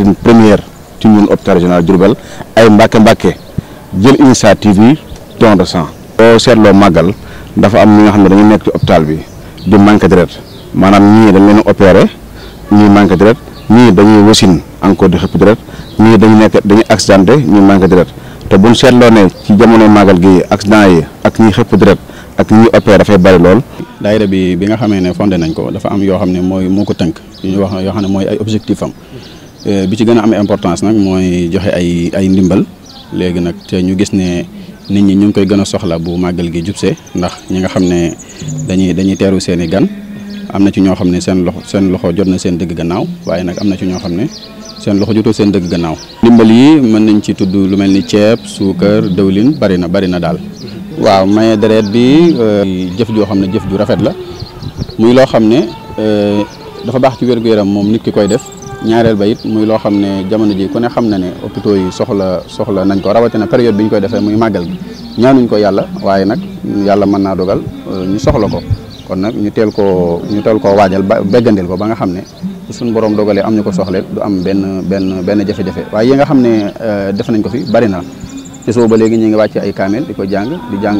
c'est une première ci ñun hôpital régional Diourbel ay mbàkke-mbàkke jël initiative yi don de sang. boo seetloo màggal dafa am ñi nga xam ne dañu nekk ci hôpital bi di manque de deret maanaam ñii dañ leen opéré ñii manque de deret ñii dañuy wasin encore di xëpp deret ñii dañu nekk dañuy accidenté ñii manque de deret te buñ seetloo ne ci jamono màggal gi accident yi ak ñii xëpp deret ak ñii opéré dafay bari lool. daayira bi bi nga xamee ne fondé nañ ko dafa am yoo xam ne mooy moo ko tënk ñu wax yoo xam ne mooy ay objectif Euh, bi ci gën a am importance nag mooy joxe ay ay ndimbal léegi nag te ñu gis ne nit ñi ñu ngi koy gën a soxla bu màggal gi jubsee ndax ñi nga xam ne dañuy dañuy teeru seen i gan am na ci ñoo xam ne seen loxo seen loxo jot na seen dëgg gannaaw waaye nag am na ci ñoo xam ne seen loxo jotul seen dëgg gannaaw. ndimbal yi mën nañ ci tudd lu mel ni ceeb suukar dëwlin bari na bari na daal. waaw maye deret bi euh, jëf joo xam ne jëf ju rafet la muy loo xam ne euh, dafa baax ci wér-gu-yaram moom nit ki koy def. ñaareel ba it muy loo xam ne jamono ji ku ne xam na ne hôpitaux yi soxla soxla nañ ko rawatina période bi ñu koy defee muy màggal gi ñaanuñ ko yàlla waaye nag yàlla mën naa dogal euh, ñu soxla ko kon nag ñu teel koo ñu teel koo waajal ba beggandeel ko ba nga xam ne suñu borom dogalee am ñu ko soxlee du am benn benn benn jafe-jafe waaye yi nga xam ne euh, def nañ ko fi bari na ci suba ba léegi ñu ngi wàcce ay kaamel di ko jàng di jàng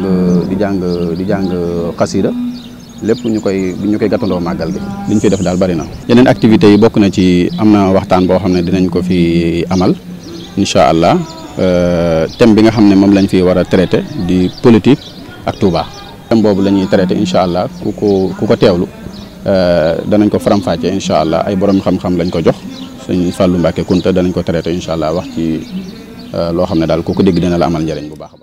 di jàng di jàng xasida lépp ñu koy ñu koy gàttandoo màggal bi li ñu fi def daal bari na. yeneen activités yi bokk na ci am na waxtaan boo xam ne dinañ ko fi amal incha allah euh, thème bi nga xam ne moom lañ fi war a traité di politique ak Touba. thème boobu la ñuy traité incha allah ku ko ku ko teewlu euh, danañ ko faram-fàcce incha allah ay borom xam-xam lañ ko jox sëñ Fallou Mbacke Kunta danañ ko traité incha allah wax ci euh, loo xam ne daal ku ko dégg dina la amal njëriñ bu baax.